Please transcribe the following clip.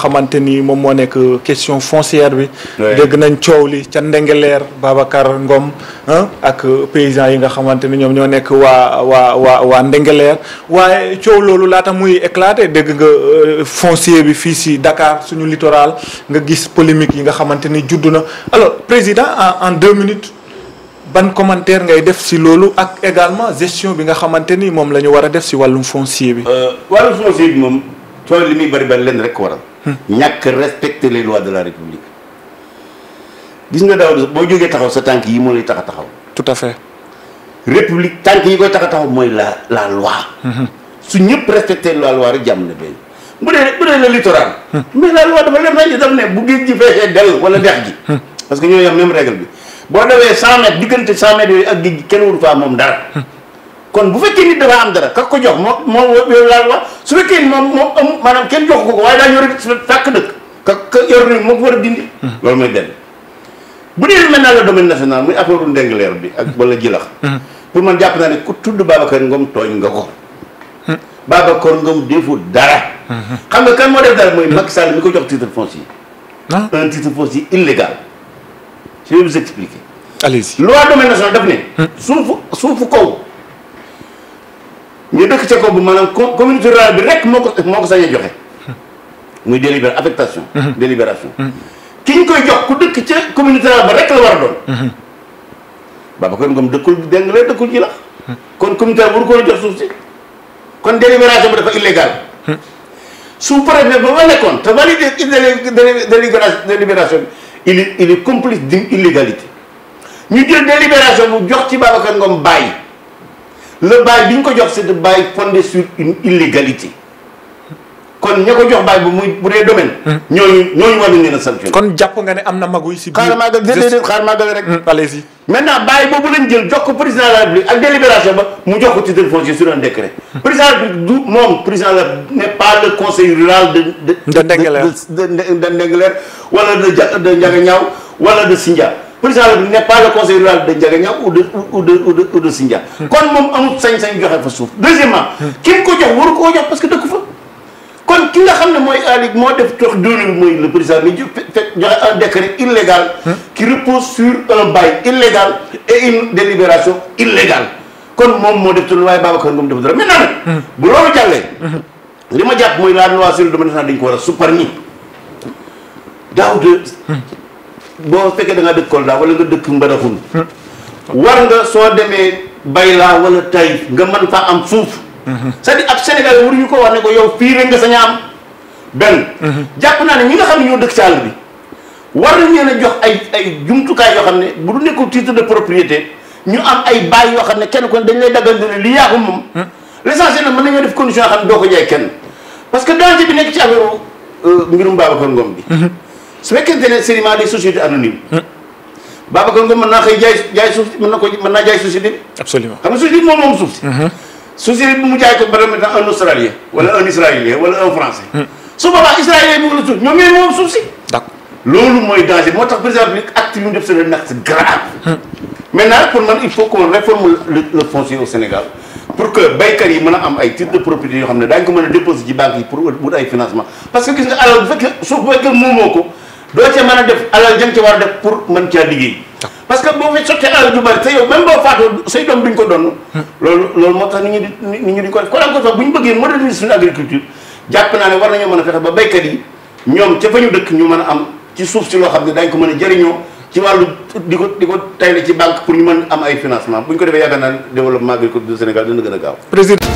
xamanté ni mom mo nek question foncière bi. dégg nañ coow li ca Ndengeleer Babacar Ngom hein ak paysan yi nga xamanté ni ñom ño nek wa wa wa wa Ndengeleer waaye ciow lolu lata muy éclaté dégg nga euh, foncier bi fi ci Dakar suñu littoral nga gis polémique yi nga xamanté ni judduna alors président en en deux minutes. ban commentaire ngay def ci lolu ak également gestion bi nga xamanté ni mom lañu wara def ci walum foncier bi. euh walum foncier bi mom coono li bari bari lenn rek waral ñàkk respecter les lois de la république gis nga daaw boo jógee taxaw sa tànk yi moo lay tax a taxaw. tout à fait. république tànk yi koy tax taxaw mooy la la loi. Mhm. su ñëpp respecter la loi rek jàmm na doy. bu dee bu dee le littoral. Mhm. mais la loi dafa leer nañ daf ne bu géej gi feesee dell wala dex gi. Mhm. parce que ñoo yor même règle bi boo dawee 100 diggante 100 yooyu ak géej gi kenn wul faa moom dara. kon bu fekkee nit dafa am dara ka ko jox moom moom laal wax su fekkee moom moom am maanaam kenn jox ko ko waaye daa yore fàkk dëkk kak ka yor ni moo ko war a dindi hmm. loolu mooy benn bu dee maintenant le domaine national muy affaire Ndingler bi ak wala jilax hmm. pour man jàpp naa ne ku tudd Babacar Ngom tooñ nga ko hmm. Babacar Ngom defu dara xam nga kan moo def dara mooy Macky Sall mi ko jox titre foncier un titre foncier illégal je vais vous expliquer allez-y loi domaine nekk ca kaw bu maanaam communauté bi rek moo ko moo ko sañ a joxe muy délibér affectation mhm. délibération mhm. ki ñu koy jox ku dëkk ca communauté rurale ba rek la war a doon mhm. Babacar Ngom dëkkul deng la dëkkul ji la kon communauté rurale waru ko jox suuf si kon délibération bi dafa illégal sous préfet ba ma nekkoon te validé délibération bi il ñu jël délibération bu jox ci Babacar Ngom bàyyi le bail bi ñu ko jox c'est de bail fondé sur une illégalité kon ña ko jox bail bu muy bu dee domaine. Hmm. ñooñu ñooñu war nañ leen a sanctionné. kon jàpp nga ne am na maguy si biir. xaaral maa gën déedéet xaaral maa gën rek. Hmm, allez-y maintenant jël jox ko président de la République ak délibération ba mu jox ko titre foncier sur un décret. Hmm. président de la République du moom président la n'est pas le conseil rural de. de de Ndengler de de Ndengler wala de ja de Ndiaganiao wala président la n'est pas le conseil rural de Ndiaganiao ou de ou de ou de kon moom amul sañ-sañ joxe fa suuf. deuxièmement. ki ko jox waru koo jox parce que dëkk fa. kon ki nga xam ne mooy Aliou moo def tox dóolin mooy le président mi joxe un décret illégal. qui repose sur un bail illégal et une délibération kon moom moo def te lu waaye Babacar Ngom def dara maintenant nag. bu loolu jàllee. li ma jàpp mooy la loi sur le domaine dañ ko war a suppar ñi. daaw de. boo fekkee da nga dëkk Kolda wala nga dëkk Mbadakhoune war nga soo demee Bayla wala tay nga mën faa am suuf c'est-à-dire ab Sénégal waruñu ko wax ne ko yow fii rek nga sañ am benn jàpp naa ne ñi nga xam ne ñoo dëkk bi war nañu leen a jox ay ay jumtukaay yoo xam ne bu du nekkul de propriété ñu am ay bail yoo xam ne kenn dañ lay daggante ne li yaaku moom l'essentiel nag mën nañoo def condition yoo xam ne doo ko jaay kenn parce que danger bi nekk ci affaire euh, mbirum Babacar Ngom bi su fekkente ne Sénima day société anonyme. Hmm. Babacar Ngom mën naa xëy jaay jaay suuf mën na ko mën naa jaay société xam nga société moom moom suuf si. Hmm. société bi mu jaay ko ba remettre un australien. wala un israélien hmm. moom suuf loolu mooy danger moo tax président bi acte bi mu def c'est un acte grave. maintenant yi mën a ne daañu ko mën a déposer ci ay financement parce que gis nga bu fekkee suuf bu fekkee moomoo ko. doo ca mën a def alal jëm ci war a def pour mën caa liggéey. parce que boo fi sottee alal ju bari te yow même boo faatoo say doom duñ ko donn loolu loolu moo tax nit ñi di nit ñi di ko def kon encore naa ne war nañoo mën a fexe ba béykat yi ñoom ca ñu dëkk am ci suuf si loo xam ne dañ ko mën a jëriñoo ci wàllu di ko di ko tayle ci banque pour ñu mën am ay financement bu ko defee yaakaar naa développement agriculture du Sénégal gën a gaaw.